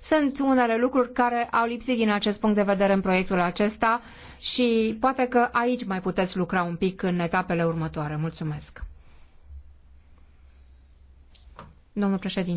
Sunt unele lucruri care au lipsit din acest punct de vedere în proiectul acesta și poate că aici mai puteți lucra un pic în etapele următoare. Mulțumesc. Domnul președinte.